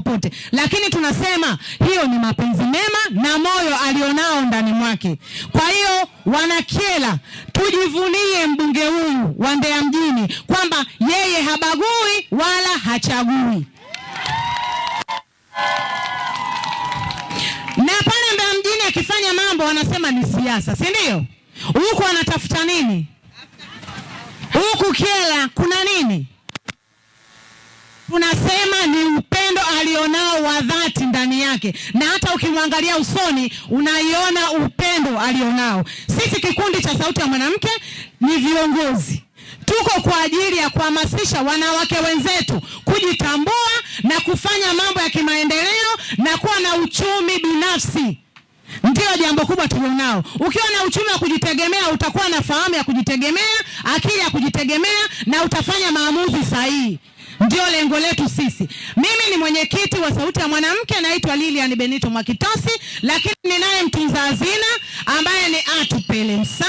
popote, lakini tunasema hiyo ni mapenzi mema na moyo alionao ndani mwake. Kwa hiyo wanakiela, tujivunie mbunge huyu wa Mbeya mjini kwamba yeye habagui wala hachagui na pale Mbeya mjini akifanya mambo wanasema ni siasa, si ndio? Huku anatafuta nini? Huku Kyela kuna nini? tunasema ni upendo alionao wa dhati ndani yake, na hata ukimwangalia usoni unaiona upendo alionao. Sisi kikundi cha Sauti ya Mwanamke ni viongozi tuko kwa ajili ya kuhamasisha wanawake wenzetu kujitambua na kufanya mambo ya kimaendeleo na kuwa na uchumi binafsi. ndio jambo kubwa tulionao. Ukiwa na uchumi wa kujitegemea, utakuwa na fahamu ya kujitegemea, akili ya kujitegemea, na utafanya maamuzi sahihi. Ndio lengo letu sisi. Mimi ni mwenyekiti wa Sauti ya Mwanamke, naitwa Lilian Benito Mwakitosi, lakini ninaye mtunza hazina ambaye ni Atupele Msai.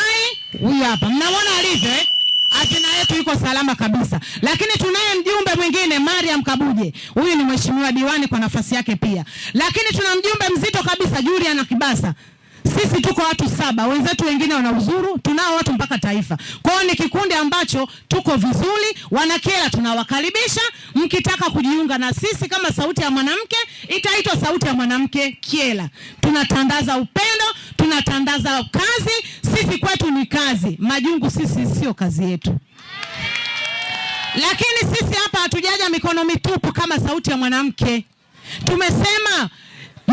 Huyu hapa mnamwona alivyo eh? Hazina yetu iko salama kabisa, lakini tunaye mjumbe mwingine Mariam Kabuje. Huyu ni mheshimiwa diwani kwa nafasi yake pia, lakini tuna mjumbe mzito kabisa Julian Kibasa. Sisi tuko watu saba, wenzetu wengine wana uzuru, tunao watu mpaka taifa. Kwa hiyo ni kikundi ambacho tuko vizuri. wanakiela tunawakaribisha, mkitaka kujiunga na sisi kama sauti ya mwanamke, itaitwa sauti ya mwanamke Kiela. Tunatandaza upendo, tunatandaza kazi. Sisi kwetu ni kazi, majungu sisi sio kazi yetu lakini sisi hapa hatujaja mikono mitupu kama sauti ya mwanamke. Tumesema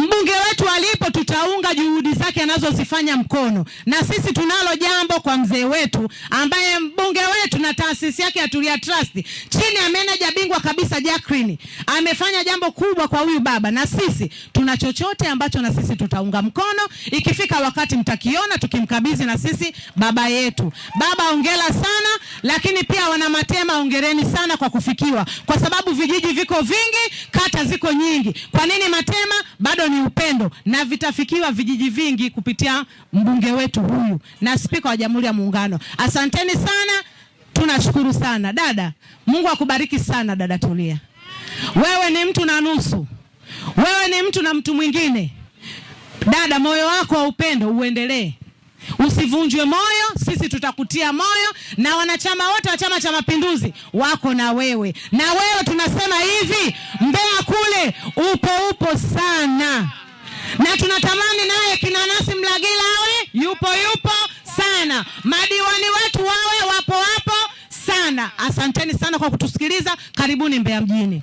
Mbunge wetu alipo, tutaunga juhudi zake anazozifanya mkono, na sisi tunalo jambo kwa mzee wetu ambaye mbunge wetu na taasisi yake ya Tulia Trust chini ya meneja bingwa kabisa Jacqueline amefanya jambo kubwa kwa huyu baba, na sisi tuna chochote ambacho na sisi tutaunga mkono. Ikifika wakati mtakiona tukimkabidhi na sisi baba yetu. Baba, ongera sana, lakini pia wana Matema ongereni sana kwa kufikiwa, kwa sababu vijiji viko vingi, kata ziko nyingi. Kwa nini Matema? bado ni upendo na vitafikiwa vijiji vingi kupitia mbunge wetu huyu na spika wa Jamhuri ya Muungano. Asanteni sana, tunashukuru sana dada. Mungu akubariki sana dada Tulia. Wewe ni mtu na nusu, wewe ni mtu na mtu mwingine. Dada, moyo wako wa upendo uendelee, usivunjwe moyo. Sisi tutakutia moyo na wanachama wote wa Chama cha Mapinduzi wako na wewe, na wewe tunasema hivi Mbeya kule upo upo sana, na tunatamani naye Kinanasi Mlagila awe yupo yupo sana, madiwani wetu wawe wapo wapo sana. Asanteni sana kwa kutusikiliza. Karibuni Mbeya mjini.